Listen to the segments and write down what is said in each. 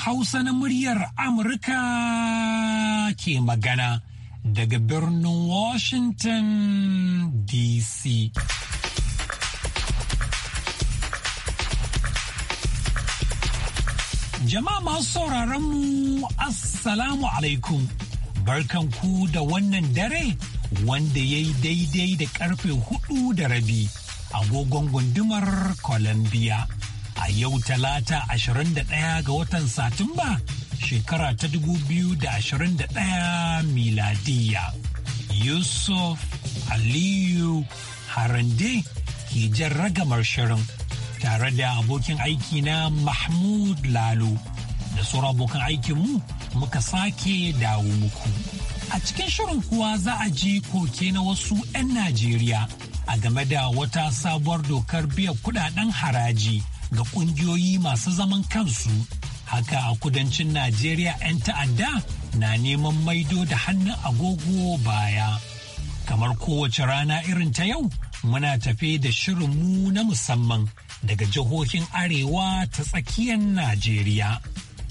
Hausa na muryar Amurka ke magana daga birnin Washington DC. Jama'a masu sauraron mu Assalamu alaikum. Barkanku da wannan dare wanda ya yi daidai da karfe hudu da rabi agogon gundumar Columbia. a yau talata 21 ga watan Satumba shekara ta 2021 miladiya. Yusuf Aliyu Harande ke jan ragamar shirin tare da abokin aiki na Mahmud Lalo da sauran abokan aikinmu muka sake dawo muku. A cikin shirin kuwa za a ji koke na wasu 'yan Najeriya a game da wata sabuwar dokar biyan kudaden haraji ga kungiyoyi masu zaman kansu haka a kudancin najeriya 'yan ta'adda na neman maido da hannun agogo baya kamar kowace rana irin ta yau muna tafe da shirinmu na musamman daga jihohin arewa ta tsakiyar najeriya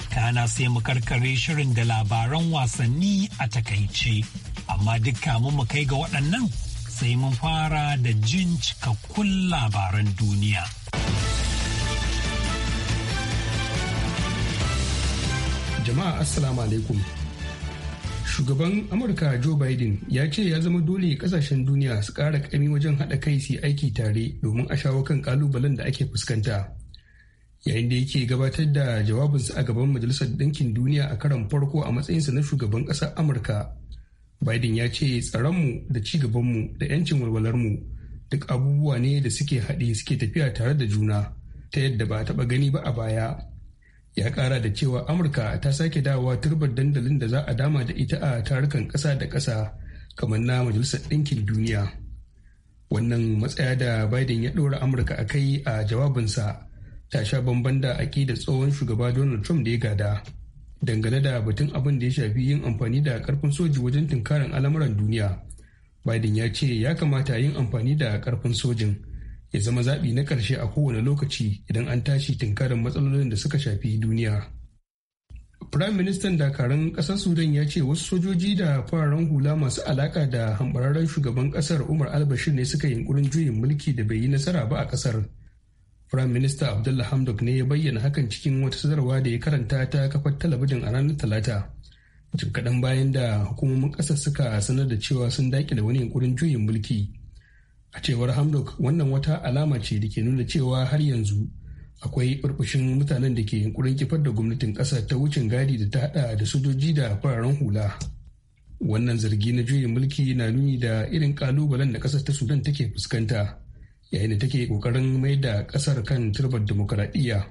kana sai mu karkare shirin da labaran wasanni a takaice amma dukka kamun mu kai ga waɗannan sai mun fara da jin cikakkun labaran duniya. jama'a assalamu alaikum shugaban amurka joe biden ya ce ya zama dole kasashen duniya su kara kami wajen haɗa kai su aiki tare domin a shawo kan kalubalen da ake fuskanta yayin da yake gabatar da jawabinsa a gaban majalisar ɗinkin duniya a karon farko a matsayinsa na shugaban ƙasar amurka biden ya ce tsaronmu da cigabanmu da 'yancin walwalarmu duk abubuwa ne da suke haɗe suke tafiya tare da juna ta yadda ba a taɓa gani ba a baya ya kara da cewa amurka ta sake dawowa turbar dandalin da za a dama da ita a tarukan ƙasa da ƙasa kamar na majalisar ɗinkin duniya wannan matsaya da biden ya ɗora amurka a kai a jawabinsa ta sha bamban da da tsohon shugaba donald trump da ya gada dangane da batun abin da ya shafi yin amfani da karfin soji wajen tunkarin al'amuran duniya biden ya ce ya kamata yin amfani da karfin sojin ya zama zaɓi na ƙarshe a kowane lokaci idan an tashi tunkarin matsalolin da suka shafi duniya. Firayim Ministan dakarun ƙasar Sudan ya ce wasu sojoji da fararen hula masu alaƙa da hambararren shugaban ƙasar Umar al ne suka yunkurin juyin mulki da bai yi nasara ba a ƙasar. Firayim Minista Abdullah Hamdok ne ya bayyana hakan cikin wata sadarwa da ya karanta ta kafar talabijin a ranar Talata. Jim kaɗan bayan da hukumomin ƙasar suka sanar da cewa sun daƙile wani yunkurin juyin mulki. a cewar hamdok wannan wata alama ce da ke nuna cewa har yanzu akwai burbushin mutanen da ke yunkurin kifar da gwamnatin ƙasa ta wucin gadi da ta haɗa da sojoji da fararen hula wannan zargi na juyin mulki na nuni da irin ƙalubalen da ƙasar ta sudan take fuskanta yayin da take ƙoƙarin mai da ƙasar kan turbar dimokuraɗiyya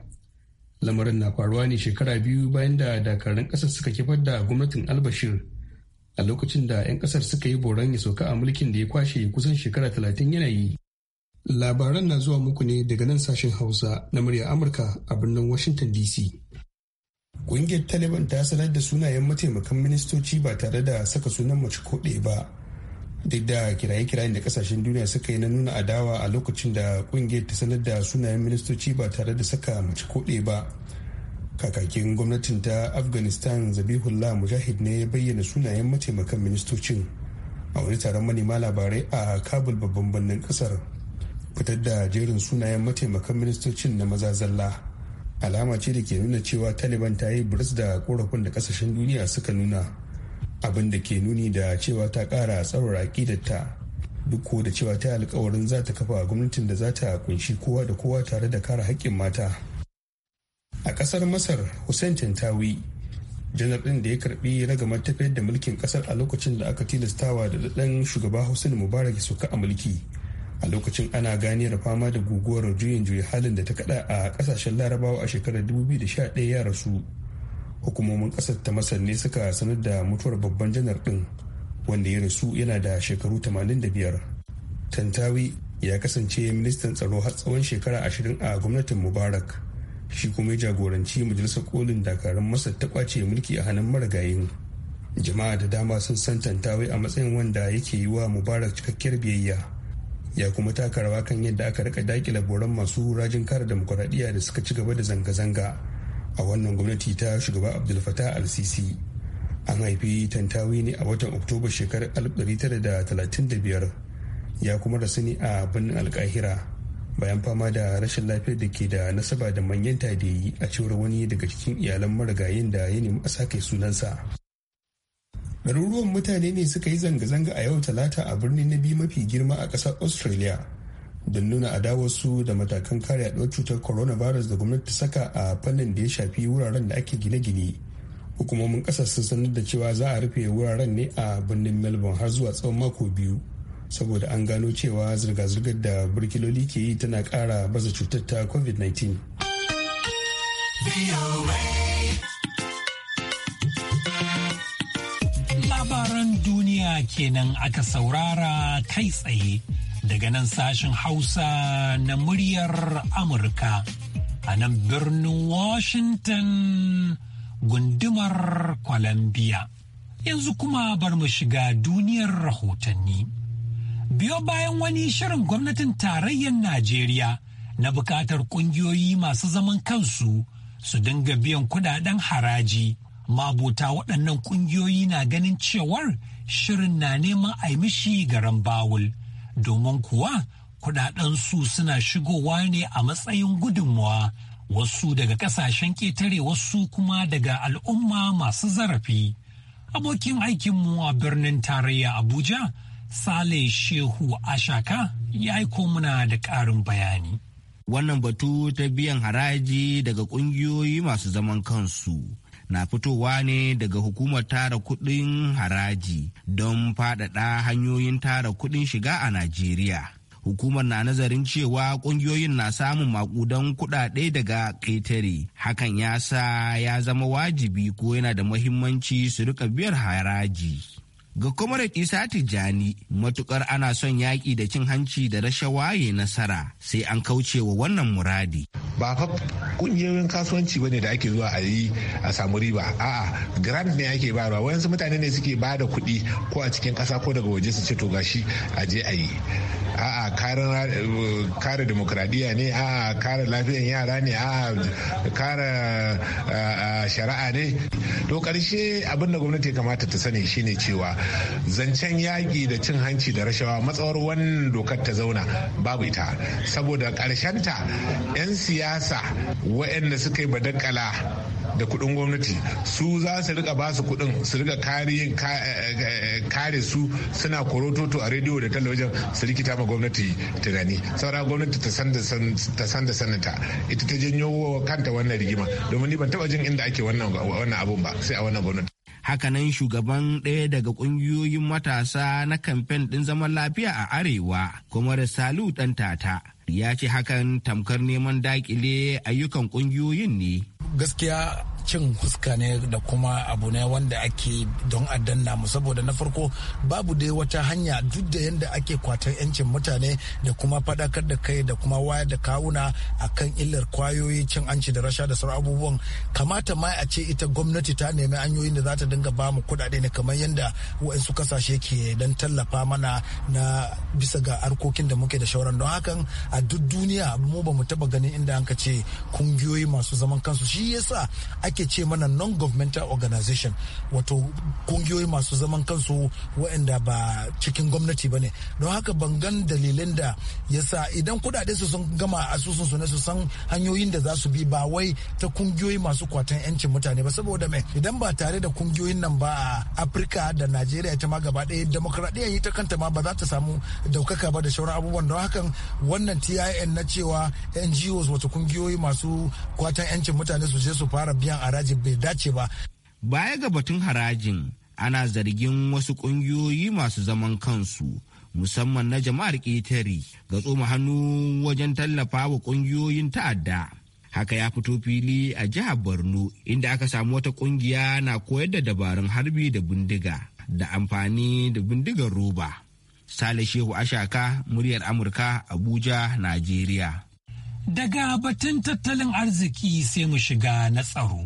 lamarin na faruwa ne shekara biyu bayan da dakarun ƙasar suka kifar da gwamnatin albashir a lokacin da 'yan kasar suka yi boron ya sauka a mulkin da ya kwashe kusan shekara talatin yanayi. Labaran na zuwa muku ne daga nan sashen Hausa na murya Amurka a birnin Washington DC. Ƙungiyar Taliban ta sanar da sunayen mataimakan ministoci ba tare da saka sunan mace ko ba. Duk da kiraye-kirayen da kasashen duniya suka yi na nuna adawa a lokacin da ƙungiyar ta sanar da sunayen ministoci ba tare da saka mace ko ba. kakakin gwamnatin ta afghanistan zabihullah mujahid ne ya bayyana sunayen mataimakan ministocin a wani taron manema labarai a kabul babban birnin kasar fitar da jerin sunayen mataimakan ministocin na maza zalla alama ce da ke nuna cewa taliban ta yi biris da korafin da kasashen duniya suka nuna abin da ke nuni da cewa ta kara tsawar ta duk ko da cewa ta alkawarin za ta kafa gwamnatin da za ta kunshi kowa da kowa tare da kara haƙƙin mata a kasar masar hussein tantawi janar ɗin da ya karbi ragamar tafiyar da mulkin kasar a lokacin da aka tilastawa da daɗin shugaba hussein mubarak suka a mulki a lokacin ana ganiyar fama da guguwar juyin juya halin da ta kada a kasashen larabawa a shekarar 2011 ya rasu hukumomin kasar ta masar ne suka sanar da mutuwar babban janar ɗin wanda ya rasu yana da shekaru 85 tantawi ya kasance ministan tsaro har tsawon shekara 20 a gwamnatin mubarak shi kuma ya jagoranci majalisar kolin dakarun masar ta kwace mulki a hannun marigayin jama'a da dama sun san tantawai a matsayin wanda yake yi wa mubarak cikakkiyar biyayya ya kuma taka rawa kan yadda aka rika dakila boran masu rajin kare demokuraɗiyya da suka ci gaba da zanga-zanga a wannan gwamnati ta shugaba abdul fatah al-sisi an haifi tantawi ne a watan oktoba shekarar 1935 ya kuma rasu ne a birnin alkahira bayan fama da rashin lafiyar da ke da nasaba da manyan da a cewar wani daga cikin iyalan marigayin da ya nemi a sake sunansa. Ɗaruruwan mutane ne suka yi zanga-zanga a yau talata a birni na biyu mafi girma a ƙasar Australia don nuna adawarsu da matakan kare yaduwar cutar coronavirus da gwamnati ta saka a fannin da ya shafi wuraren da ake gine-gine. Hukumomin ƙasar sun sanar da cewa za a rufe wuraren ne a birnin Melbourne har zuwa tsawon mako biyu. saboda an gano cewa zirga-zirgar da burkiloli ke yi tana ƙara baza cutar ta covid-19 labaran duniya kenan aka saurara kai tsaye daga nan sashen hausa na muryar amurka a nan birnin washington gundumar columbia yanzu kuma bar mu shiga duniyar rahotanni Biyo bayan wani shirin gwamnatin tarayyar Najeriya na bukatar kungiyoyi masu zaman kansu su dinga biyan kudaden haraji. Mabuta waɗannan kungiyoyi na ganin cewar shirin na neman aimishi ga rambawul, Domin kuwa kudadensu suna shigowa ne a matsayin gudunmuwa wasu daga kasashen ƙetare wasu kuma daga al'umma masu zarafi. Abokin aikinmu a birnin tarayya Abuja. Sale Shehu Ashaka ya yi komuna da ƙarin bayani. Wannan batu ta biyan haraji daga ƙungiyoyi masu zaman kansu na fitowa ne daga hukumar tara kuɗin haraji don faɗaɗa hanyoyin tara kuɗin shiga a Najeriya. hukumar na nazarin cewa ƙungiyoyin na samun makudan kuɗaɗe daga ƙetare hakan ya sa ya zama wajibi ko yana da muhimmanci su rika biyar haraji Ga kuma da Isa Tijjani matukar ana son yaƙi da cin hanci da rashawa ya nasara sai an kauce wa wannan muradi. Ba fa kungiyoyin kasuwanci bane da ake zuwa a yi a samu riba. A'a grant ne ake bayarwa wayansu mutane ne suke ba da kuɗi ko a cikin ƙasa ko daga waje su ce to gashi a je a yi. a'a kare demokradiyya ne a'a kare lafiyan yara ne a'a kare shari'a ne to karshe abin da gwamnati ya kamata ta sani shine cewa zancen yaƙi da cin hanci da rashawa matsawar wannan dokar ta zauna babu ita saboda ta 'yan siyasa waɗanda suka yi badakala da kuɗin gwamnati su za su rika ba su kudin su rika eh, kare su suna korototo a rediyo da talabijin su rikita ma gwamnati tunani saura gwamnati ta san da sanata ita ta janyo kanta wannan rigima domin ni ban taba jin inda ake wannan abun ba sai a wannan gwamnati Hakanan shugaban ɗaya daga ƙungiyoyin matasa na kamfen ɗin zaman lafiya a Arewa, kuma da Salu ɗan tata, ya ce hakan tamkar neman daƙile ayyukan ƙungiyoyin ne. Gaskiya cin fuska ne da kuma abu ne wanda ake don a danna mu saboda na farko babu dai wata hanya duk da yadda ake kwatar yancin mutane da kuma faɗakar da kai da kuma wayar da kawuna a kan illar kwayoyi cin anci da rasha da sauran abubuwan kamata ma a ce ita gwamnati ta nemi hanyoyin da za ta dinga ba mu kuɗaɗe ne kamar yadda wa'insu kasashe ke don tallafa mana na bisa ga harkokin da muke da shauran don hakan a duk duniya mu ba mu taɓa ganin inda an ka ce kungiyoyi masu zaman kansu shi yasa ake ake ce mana non-governmental organization wato kungiyoyi masu zaman kansu waɗanda ba cikin gwamnati ba ne don haka bangan dalilin da ya sa idan kuɗaɗe su sun gama asusun su ne su san hanyoyin da za su bi ba wai ta kungiyoyi masu kwatan yancin mutane ba saboda mai idan ba tare da kungiyoyin nan ba a afirka da najeriya ta ma gaba ɗaya demokradiyya ita kanta ma ba za ta samu daukaka ba da shauran abubuwan don hakan wannan tin na cewa ngos wato kungiyoyi masu kwatan yancin mutane su je su fara biyan harajin bai dace ba. Baya ga batun harajin ana zargin wasu ƙungiyoyi masu zaman kansu musamman na jama'ar ƙetare ga tsoma hannu wajen tallafa wa ƙungiyoyin ta'adda. Haka ya fito fili a jihar Borno inda aka samu wata ƙungiya na koyar da dabarun harbi da bindiga da amfani da bindigar roba. Sale Shehu Ashaka, muryar Amurka, Abuja, Najeriya. Daga batun tattalin arziki sai mu shiga na tsaro,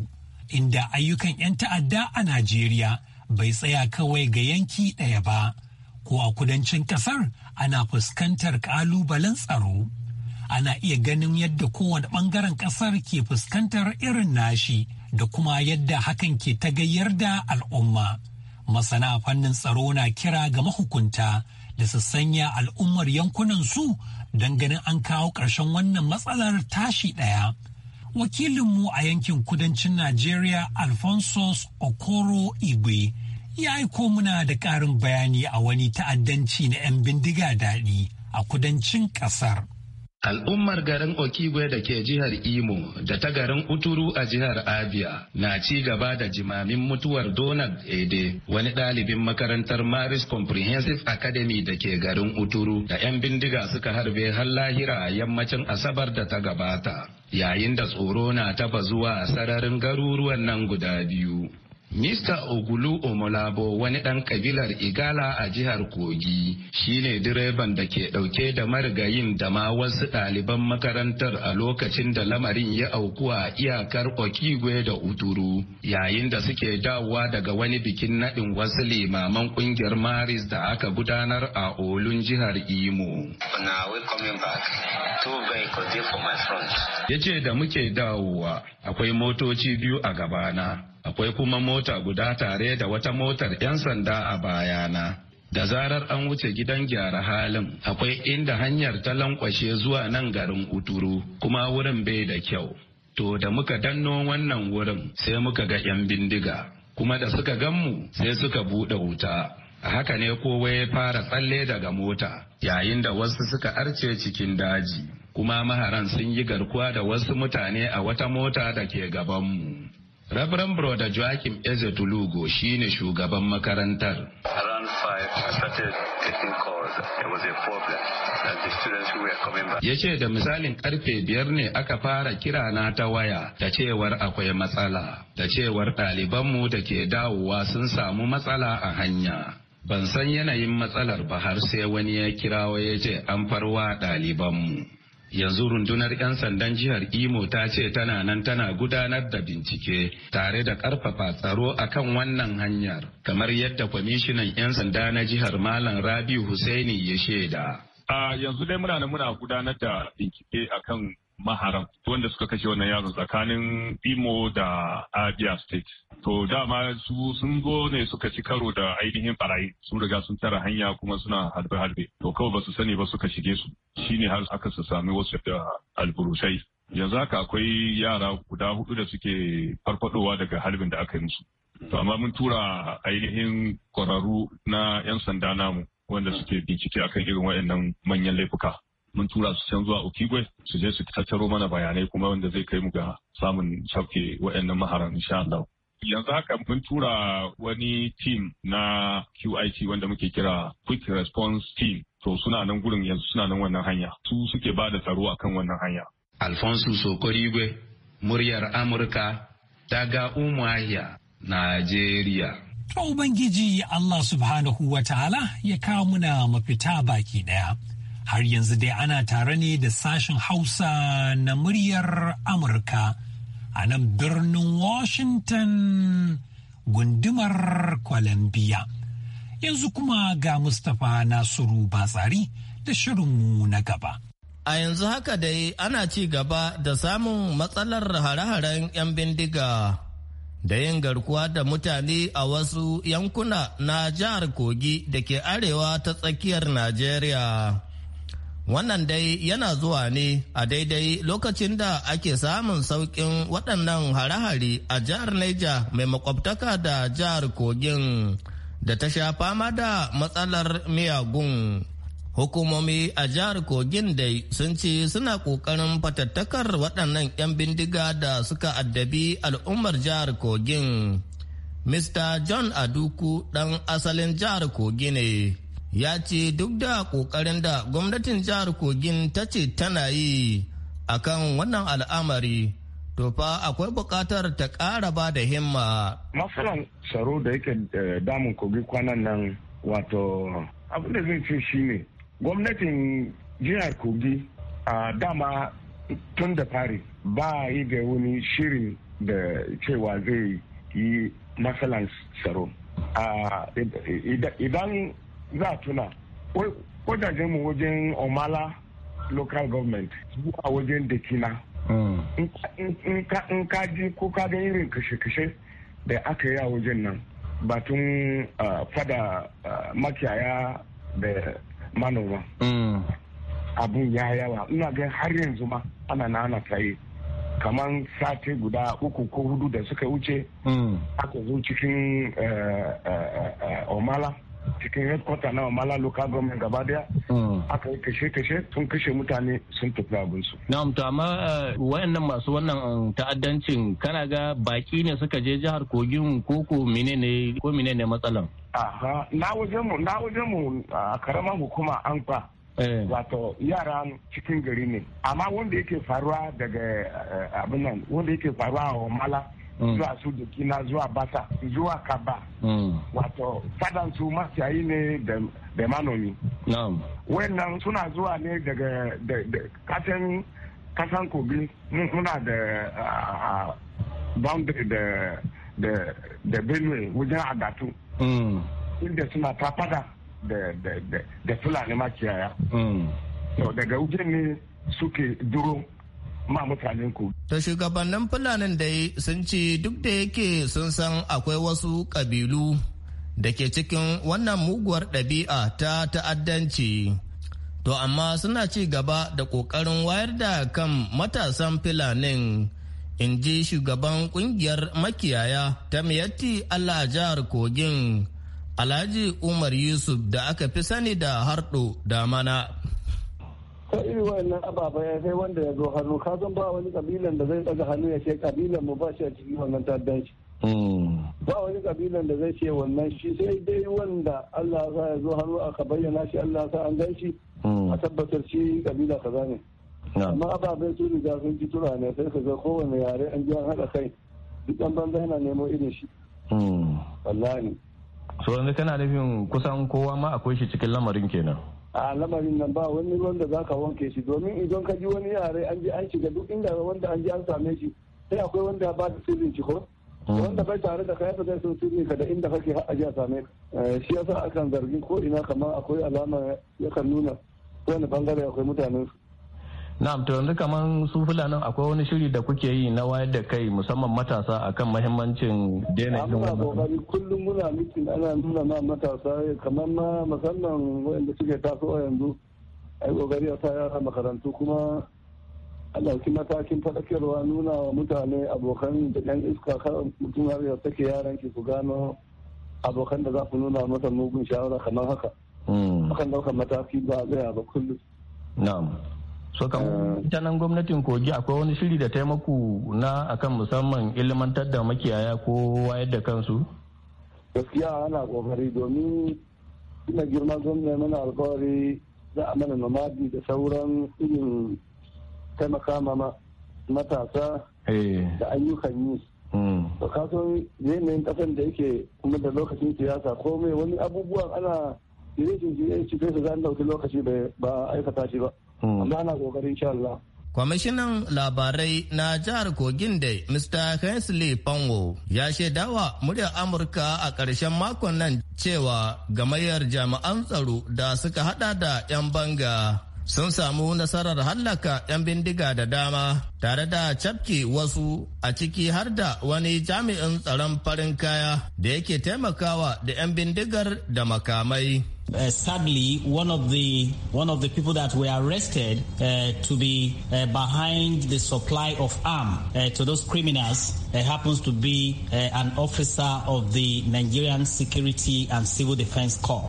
inda ayyukan 'yan ta'adda a Najeriya bai tsaya kawai ga yanki ɗaya ba, ko a kudancin ƙasar ana fuskantar ƙalubalen tsaro. Ana iya ganin yadda kowane ɓangaren ƙasar ke fuskantar irin nashi da kuma yadda hakan ke tagayyar da al'umma. Masana fannin tsaro na kira ga mahukunta da su sanya al'ummar yankunan su don ganin an kawo ƙarshen wannan matsalar tashi ɗaya. Wakilinmu a yankin kudancin Najeriya Alfonso Okoro Igwe ya aiko muna da ƙarin bayani a wani ta'addanci na 'yan bindiga daɗi a kudancin ƙasar. Al'ummar garin Okigwe da ke jihar Imo da ta garin Uturu a jihar Abia na ci gaba da jimamin mutuwar Donald Ede wani ɗalibin makarantar Maris Comprehensive Academy da ke garin Uturu da 'yan bindiga suka harbe har lahira a yammacin Asabar da ta gabata. Yayin da tsoro na ta zuwa a sararin garuruwan nan guda biyu. mista Ogulu Omolabo wani ɗan kabilar Igala a jihar Kogi shine direban da ke ɗauke da marigayin da ma wasu ɗaliban makarantar a lokacin da lamarin ya auku a iyakar Okigwe da Uturu yayin da suke dawowa daga wani bikin naɗin wasu limaman ƙungiyar Maris da aka gudanar a Olun jihar Imo. Ya ce da muke dawowa akwai motoci biyu a gabana. akwai kuma mota guda tare da wata motar 'yan sanda a bayana. Da zarar an wuce gidan gyara halin akwai inda hanyar ta lankwashe zuwa nan garin uturu kuma wurin bai da kyau. To da muka danno wannan wurin sai muka ga 'yan bindiga, kuma da suka ganmu sai suka buɗe wuta. A haka ne kowa ya fara tsalle daga mota yayin da wasu suka arce cikin daji. kuma maharan sun yi garkuwa da wasu mutane a wata mota da ke gabanmu. Reverend broda Joachim Eze Tulugo shine shugaban makarantar. Ya ce da misalin karfe biyar ne aka fara kira na ta waya da cewar akwai matsala, da cewar ɗalibanmu da ke dawowa sun samu matsala a hanya. Ban san yanayin matsalar ba har sai wani ya kirawo ya ce an farwa ɗalibanmu. yanzu rundunar 'yan sandan jihar imo ta ce tana nan tana gudanar da bincike tare da karfafa tsaro akan wannan hanyar kamar yadda kwamishinan 'yan sanda na jihar malam Rabi husaini ya shaida a yanzu dai muna muna gudanar da bincike akan maharam wanda suka kashe wannan yaro tsakanin imo da abia state to dama su sun zo ne suka ci karo da ainihin barayi sun riga sun tara hanya kuma suna harbe-harbe to kawai ba su sani ba suka shige su shi ne har aka su sami wasu da alburushai yanzu haka akwai yara guda hudu da suke farfadowa daga harbin da aka yi musu to amma mun tura ainihin kwararru na 'yan sanda namu wanda suke bincike akan irin waɗannan manyan laifuka mun tura su can zuwa Okigwe su je su tattaro mana bayanai kuma wanda zai kai mu ga samun shafke waɗannan maharan insha Allah. Yanzu haka mun tura wani team na QIT wanda muke kira Quick Response Team. To suna nan gurin yanzu suna nan wannan hanya. Su suke ba da tsaro akan wannan hanya. Alfonso Sokorigwe, muryar Amurka, daga Umuahia, Najeriya. ta Ubangiji Allah subhanahu wa ta'ala ya kawo muna mafita baki daya, Har yanzu dai ana tare ne da sashen Hausa na muryar Amurka. a nan birnin Washington gundumar Columbia. Yanzu kuma ga Mustapha Nasiru Batsari da shirinmu na gaba. A yanzu haka dai ana ci gaba da samun matsalar hare-haren 'yan bindiga da yin garkuwa da mutane a wasu yankuna na jihar Kogi da ke arewa ta tsakiyar Najeriya. Wannan dai yana zuwa ne a daidai lokacin da ake samun sauƙin waɗannan hare-hare a jihar neja mai makwabtaka da jihar Kogin da ta sha fama da matsalar miyagun. Hukumomi a jihar Kogin dai sun ce suna ƙoƙarin fatattakar waɗannan 'yan bindiga da suka addabi al'ummar jihar Kogin. Mr. John Aduku ɗan asalin jihar Kogi ne, ya ce duk da ƙoƙarin da gwamnatin jihar kogin ta ce tana yi a kan wannan al'amari to fa akwai buƙatar ta ƙara ba da himma. matsalan tsaro da yake eh, damun kogi kwanan nan wato abin da zai ce shine gwamnatin jihar kogi a dama tun da fari ba yi da wani shirin da cewa zai yi masalan tsaro idan za a tuna wajajen mu wajen omala local government zuwa wajen dakina in ka ji ko ka ga irin kashe-kashe da aka yi a wajen nan batun fada makiyaya da manoma abun ya yawa ina ga har yanzu ma ana na ana tsaye kamar sati guda uku ko hudu da suka wuce aka zo cikin omala cikin headquarter na Mamala local government gaba daya hmm. aka yi kashe-kashe sun kashe mutane sun tafi abinsu. Na'am to amma eh, wayannan masu wannan mm, ta'addancin kana ga baki ne suka je jihar Kogin koko menene ko menene matsalan? Aha na wajen mu na wajen mu a karamar hukuma an fa eh. wato yara cikin gari ne amma wanda yake faruwa daga eh, abin nan wanda yake faruwa a Mamala Mm. zuwa su da kina zuwa bata zuwa kaba mm. wato fadan su masayi ne da manomi wannan suna zuwa ne daga kasan kasan kogi muna da boundary da benue wajen agatu mm. inda suna ta fada da fulani makiyaya daga wujen ne suke duro ma mutanen ku. To shugabannin Fulanin dai sun ce duk da yake sun san akwai wasu ƙabilu da ke cikin wannan muguwar ɗabi'a ta ta'addanci. To amma suna ci gaba da ƙoƙarin wayar da kan matasan Fulanin in ji shugaban kungiyar makiyaya ta miyatti Allah jihar Kogin Alhaji Umar Yusuf da aka fi sani da harɗo da mana. ta irin wannan ababa ya sai wanda ya zo hannu ka san ba wani kabilan da zai daga hannu ya ce kabilan mu ba shi a cikin wannan ta'addanci hmm. ba wani kabilan da zai ce wannan shi sai dai wanda Allah za ya zo hannu aka bayyana shi Allah sa an gan hmm. a tabbatar shi kabila kaza ne amma ababen su riga sun ji tura ne sai ka ga kowane yare an ji an haɗa kai duk an banza yana nemo irin shi hmm. wallahi so yanzu kana nufin kusan kowa ma akwai shi cikin lamarin kenan a lamarin nan ba wani wanda za ka wanke shi domin idan ka ji wani yare an je an shiga duk inda wanda an je an same shi sai akwai wanda ba da sirrin shi ko hmm. wanda bai tare da kayan zai sun sirrin ka da inda kake har ji a same eh, shi yasa akan zargin ko ina kamar akwai alama yakan nuna wani bangare akwai mutanen su na'am to yanzu kaman su fulanin akwai wani shiri da kuke yi na wayar da kai musamman matasa akan mahimmancin daina yin wannan kokari kullum muna mitin ana nuna ma matasa kamar ma musamman wanda suke tasowa yanzu ai kokari a sa makarantu kuma a ɗauki matakin faɗakarwa nuna wa mutane abokan da ɗan iska kan mutum har ya sake yaran ki ku gano abokan da za ku nuna masa mugun shawara kamar haka. Hakan hmm. ɗaukar mataki ba a ba kullum. Na'am. so kan ta nan gwamnatin kogi akwai wani shiri da taimako na akan musamman ilimantar da makiyaya ko wayar da kansu gaskiya ana kokari domin ina girma gwamnati mana alkawari za a mana nomadi da sauran irin taimaka ma matasa eh. da ayyukan yi hmm. to kasan yanayin kasan da yake kuma da lokacin siyasa komai wani abubuwan ana shirye-shirye shi kai su za a lokaci ba aikata shi ba Mm. Kwamishinan labarai na jihar Kogin da Mr. Hensley Panwo ya shaidawa murya Amurka a ƙarshen makon nan cewa gamayyar jami'an tsaro da suka hada da 'yan banga sun samu nasarar hallaka 'yan bindiga da dama tare da cafke wasu a ciki har da wani jami'in tsaron farin kaya da yake taimakawa da 'yan bindigar da makamai. uh, sadly one of the one of the people that were arrested uh, to be uh, behind the supply of arm uh, to those criminals uh, happens to be uh, an officer of the Nigerian Security and Civil Defense Corps.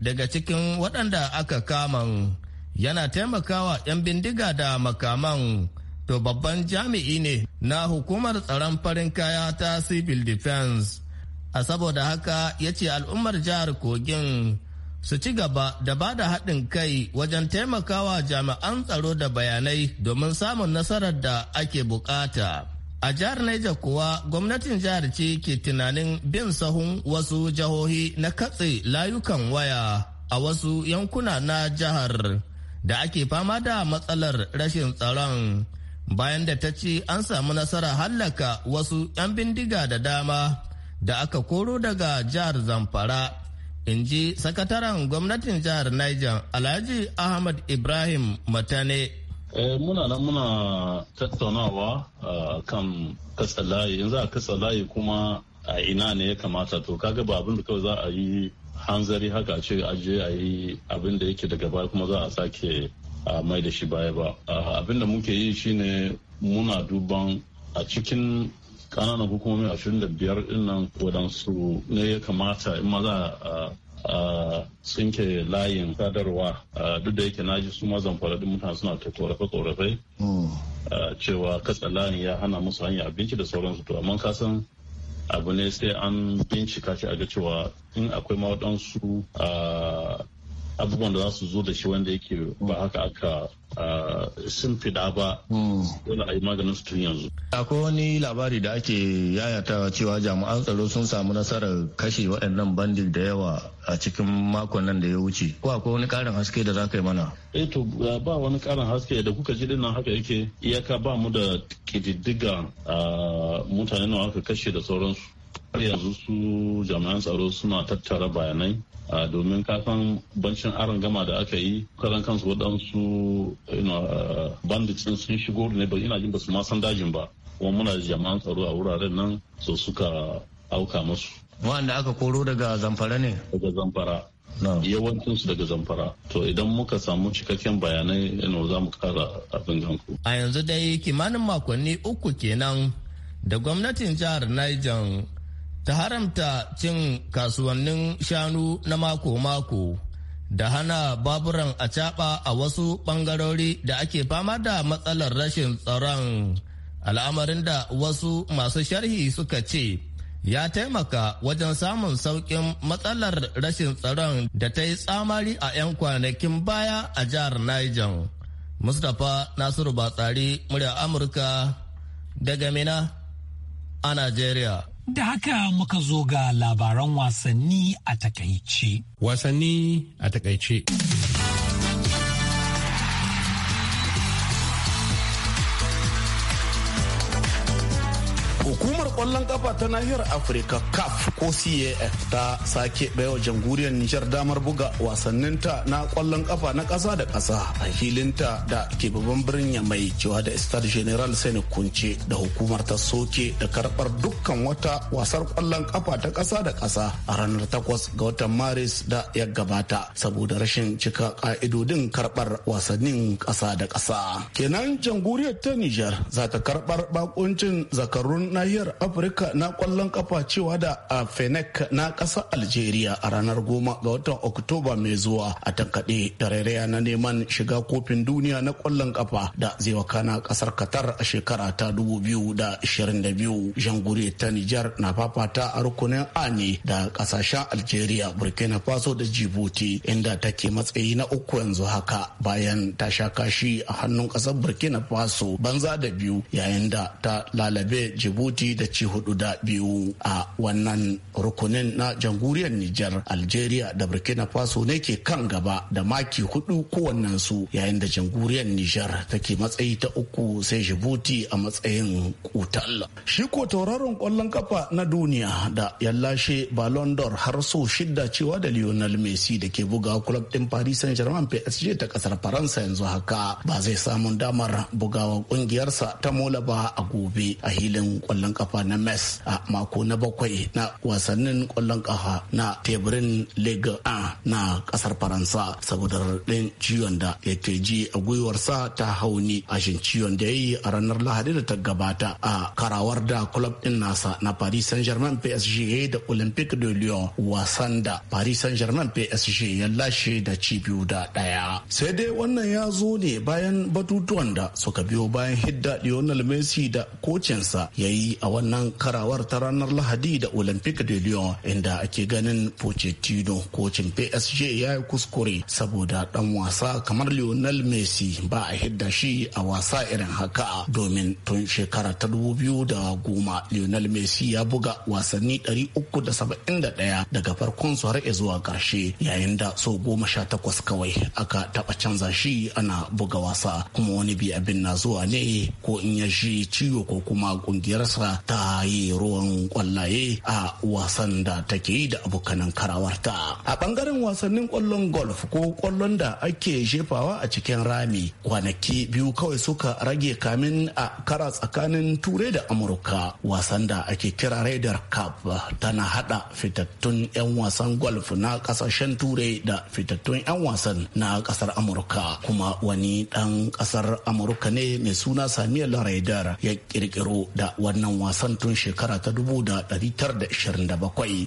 daga cikin waɗanda aka kama yana taimakawa 'yan bindiga da makaman to babban jami'i ne na hukumar tsaron farin kaya ta civil defense. a saboda haka ya ce al'ummar jihar kogin su ci gaba da ba da haɗin kai wajen taimakawa jami'an tsaro da bayanai domin samun nasarar da ake bukata. A jihar Niger kuwa gwamnatin jihar ce ke tunanin bin sahun wasu jihohi na katse layukan waya a wasu yankuna na jihar da ake fama da matsalar rashin tsaron. bayan da ta ce an samu nasara hallaka wasu 'yan bindiga da dama da aka koro daga jihar Zamfara, in ji sakataren gwamnatin jihar Niger Alhaji Ahmad Ibrahim Matane. Eh, muna nan muna tattaunawa kan katsa layi in za a katsa layi kuma a ina ne ya kamata to kaga ba abin da kawai za a yi hanzari haka ce aje a yi abin da yake daga baya kuma za a sake mai da shi baya ba abin da muke yi shine muna duban a cikin kananan hukumomi 25 din nan waɗansu ne ya kamata in maza a layin sadarwa duk da yake naji su mazan faradin mutane suna ta korafe-korafe hmm. cewa katsa layin ya hana musu hanya abinci da sauransu to amma ka san abu ne sai an bincika shi a ga cewa in akwai ma waɗansu abubuwan da za su zo da shi wanda yake ba haka aka fida ba hmm. dole a yi maganin su tun yanzu. Akwai wani labari da ake yayatawa cewa jami'an tsaro sun samu nasarar kashe waɗannan bandit da yawa a cikin makon nan da ya wuce. Ko akwai wani ƙarin haske da za ka yi mana? E to ba wani ƙarin haske da kuka ji dinnan haka yake iyaka ba mu da ƙididdiga mutane nawa aka kashe da sauransu. har yanzu su jami'an tsaro suna tattara bayanai Ah, domin kasan bancin aron gama da aka yi karan kansu waɗansu ah, banditsin sun shigo ne ba ina jin ba su ma san dajin ba kuma muna da jama'an tsaro a wuraren nan so suka auka musu wanda aka koro daga zamfara ne daga zamfara yawancinsu daga zamfara to idan muka samu cikakken bayanai yana za mu kara abin ganku a yanzu dai kimanin makonni uku kenan da gwamnatin jihar niger ta haramta cin kasuwannin shanu na mako-mako da hana baburan a a wasu ɓangarori da ake fama da matsalar rashin tsaron al'amarin da wasu masu sharhi suka ce ya taimaka wajen samun sauƙin matsalar rashin tsaron da ta yi tsamari a 'yan kwanakin baya a jihar Niger. Mustapha Nasiru Batsari, murya Amurka daga Mina a Najeriya. Da haka muka zo ga labaran wasanni a takaice. Wasanni a takaice. kwallon kafa ta nahiyar afirka caf ko caf ta sake baiwa jamhuriyar nijar damar buga wasanninta na kwallon kafa na ƙasa da ƙasa a filinta da ke babban birnin mai cewa da star general sani kunce da hukumar ta soke da karɓar dukkan wata wasar kwallon kafa ta ƙasa da ƙasa a ranar takwas ga watan maris da ya gabata saboda rashin cika ka'idodin karɓar wasannin ƙasa da ƙasa kenan jamhuriyar ta nijar za ta karɓar bakuncin zakarun nahiyar afirka na kwallon kafa cewa da a fenec na ƙasar algeria a ranar goma ga watan oktoba mai zuwa a tankaɗe da rairaya na neman shiga kofin duniya na kwallon kafa da zai wakana ƙasar qatar a shekara ta 2022 jangure ta nijar na fafata a rukunin a da ƙasashen algeria burkina faso da djibouti inda take matsayi na uku yanzu haka bayan ta sha kashi a hannun ƙasar burkina faso banza da biyu yayin da ta lalabe djibouti da ci hudu da biyu a wannan rukunin na jamhuriyar Nijar, Algeria da Burkina Faso ne ke kan gaba da maki hudu su yayin da jamhuriyar Nijar take matsayi ta uku sai Djibouti a matsayin kutal. Shi ko tauraron kwallon kafa na duniya da ya lashe Ballon d'Or har so shidda cewa da Lionel Messi da ke buga club din Paris Saint-Germain PSG ta kasar Faransa yanzu haka ba zai samu damar bugawa kungiyarsa ta mola ba a gobe a hilin kwallon kafa na mes a mako na bakwai na wasannin kwallon kafa na teburin lega 1 na kasar faransa saboda raɗin ciwon da yake ji a gwiwarsa ta hauni shin ciwon da ya yi a ranar lahadi da ta gabata a karawar da club din nasa na paris saint germain psg ya da olympique de lyon wasan da paris saint germain psg ya lashe da ci biyu da ɗaya sai dai wannan ya zo ne bayan batutuwan da suka biyo bayan hidda lionel messi da kocinsa ya yi a wannan wannan karawar ta ranar lahadi da olympic de lyon inda ake ganin pochettino kocin psg ya yi kuskure saboda dan wasa kamar lionel messi ba a hidda shi a wasa irin haka domin tun shekara ta dubu biyu goma lionel messi ya buga wasanni uku da da saba'in 371 daga farkon su har zuwa karshe yayin da so goma sha takwas kawai aka taba canza shi ana buga wasa kuma wani bi abin na zuwa ne ko in ya shi ciwo ko kuma kungiyarsa ta yi ruwan kwallaye a wasan da take yi da abokanan karawarta a bangaren wasannin kwallon golf ko kwallon da ake shefawa a cikin rami kwanaki biyu kawai suka rage kamin a kara tsakanin turai da amurka wasan da ake kira raider cup tana hada fitattun 'yan wasan golf na kasashen turai da fitattun 'yan wasan na kasar amurka kuma wani dan kasar amurka ne mai suna samuel raider ya kirkiro da wannan wasan tun shekara ta 1927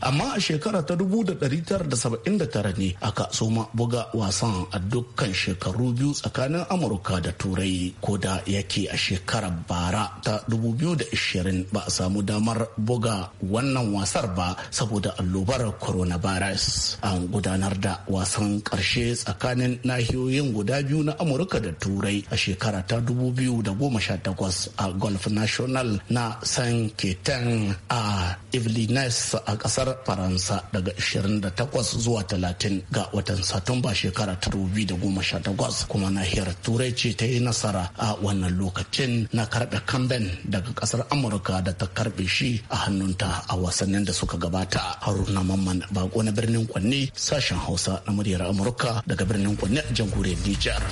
amma a shekara ta 1979 ne aka soma buga wasan a dukkan shekaru biyu tsakanin amurka da turai ko da yake a shekarar bara ta 2020 ba a samu damar buga wannan wasar ba saboda allobar coronavirus an gudanar da wasan karshe tsakanin nahiyoyin guda biyu na amurka da turai a shekara ta 2018 a golf national na san ketan a Yvelines a kasar Faransa daga 28 zuwa 30 ga watan Satumba shekara ta 2018 kuma nahiyar Turai ce ta yi nasara a wannan lokacin na karbe kamben daga kasar Amurka da ta karbe shi a hannunta a wasannin da suka gabata Haruna Mamman bako na birnin Kwanne sashen Hausa na muryar Amurka daga birnin Kwanne jamhuriyar Nijar.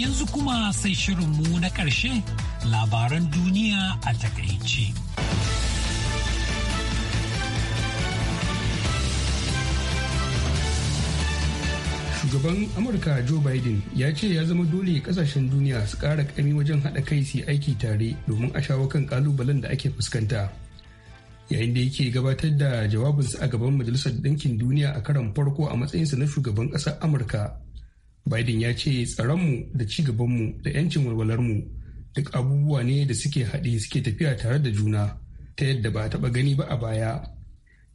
Yanzu kuma sai shirinmu na ƙarshe labaran duniya a takaice. Shugaban Amurka Joe Biden ya ce ya zama dole kasashen duniya su ƙara ƙami wajen haɗa kai su aiki tare domin a shawo kan ƙalubalen da ake fuskanta. Yayin da yake gabatar da jawabinsa a gaban Majalisar Ɗinkin Duniya a karon farko a matsayinsa na shugaban ƙasar Amurka Biden ya ce tsaronmu da ci gabanmu da 'yancin walwalarmu duk abubuwa ne da suke haɗe suke tafiya tare da juna ta yadda ba taɓa gani ba a baya.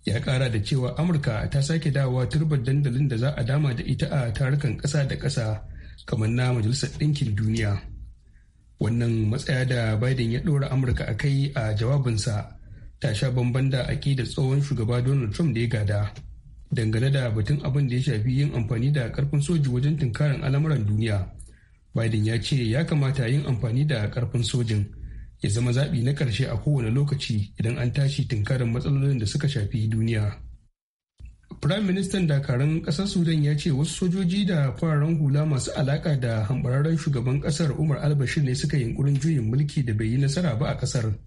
Ya ƙara da cewa Amurka ta sake dawowa turbar dandalin da za a dama da ita a tarukan ƙasa da ƙasa kamar na Majalisar Ɗinkin Duniya. Wannan matsaya da Biden ya ɗora Amurka a kai a jawabinsa ta sha bamban da aƙidar tsohon shugaba Donald Trump da ya gada. dangane da batun abin da ya shafi yin amfani da karfin soji wajen tunkarin al'amuran duniya biden ya ce ya kamata yin amfani da karfin sojin ya zama zaɓi na ƙarshe a kowane lokaci idan an tashi tunkarin matsalolin da suka shafi duniya Firayim Ministan dakarun ƙasar Sudan ya ce wasu sojoji da fararen hula masu alaƙa da hambararren shugaban ƙasar Umar Albashir ne suka yunkurin juyin mulki da bai yi nasara ba a ƙasar.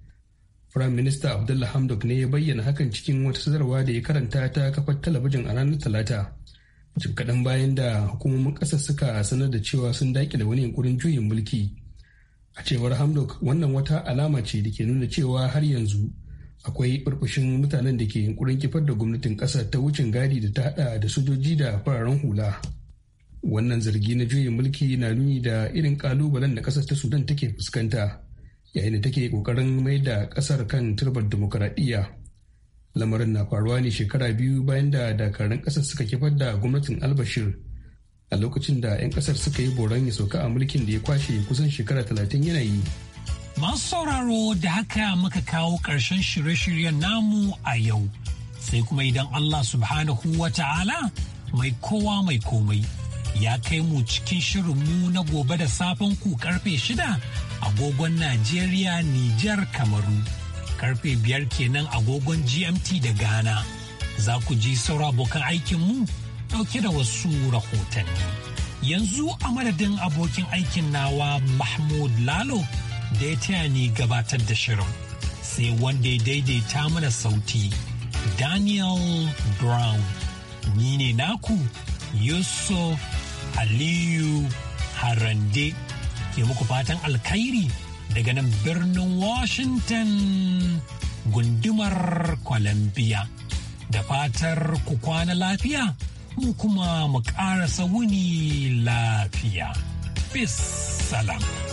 Prime Minister Abdullahi Hamdok ne ya bayyana hakan cikin wata sadarwa da ya karanta ta kafar talabijin a ranar Talata. Jim kaɗan bayan da hukumomin ƙasar suka sanar da cewa sun daƙile wani yunkurin juyin mulki. A cewar Hamdok wannan wata alama ce da ke nuna cewa har yanzu akwai ɓarɓashin mutanen da ke yunkurin kifar da gwamnatin ƙasar ta wucin gadi da ta haɗa da sojoji da fararen hula. Wannan zargi na juyin mulki na nuni da irin ƙalubalen da ƙasar ta Sudan take fuskanta. yayin da take kokarin mai da kasar kan turbar dimokuraɗiyya lamarin na faruwa ne shekara biyu bayan da dakarun kasar suka kifar da gwamnatin albashir a lokacin da 'yan kasar suka yi boron ya sauka a mulkin da ya kwashe kusan shekara talatin yanayi masu sauraro da haka muka kawo ƙarshen shirye-shiryen namu a yau sai kuma idan allah subhanahu wa ta'ala mai kowa mai komai ya kai mu cikin shirinmu na gobe da safen ku karfe shida agogon Najeriya, Nijar, Kamaru. Karfe biyar kenan agogon GMT da Ghana. Za ku ji saura abokan aikinmu ɗauke da wasu rahotanni. Yanzu a madadin abokin aikin nawa Mahmud Lalo da ya taya ni gabatar da shirin. Sai wanda ya daidaita mana sauti, Daniel Brown. Ni ne naku, Yusuf Aliyu Harande. ke muku fatan alkhairi daga nan birnin Washington gundumar Columbia. Da fatar ku kwana lafiya, mu kuma mu ƙara wuni lafiya. Peace salam.